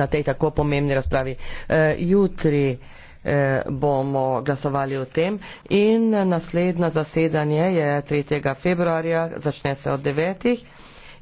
na tej tako pomembni razpravi. E, jutri e, bomo glasovali o tem in naslednje zasedanje je 3. februarja, začne se od 9.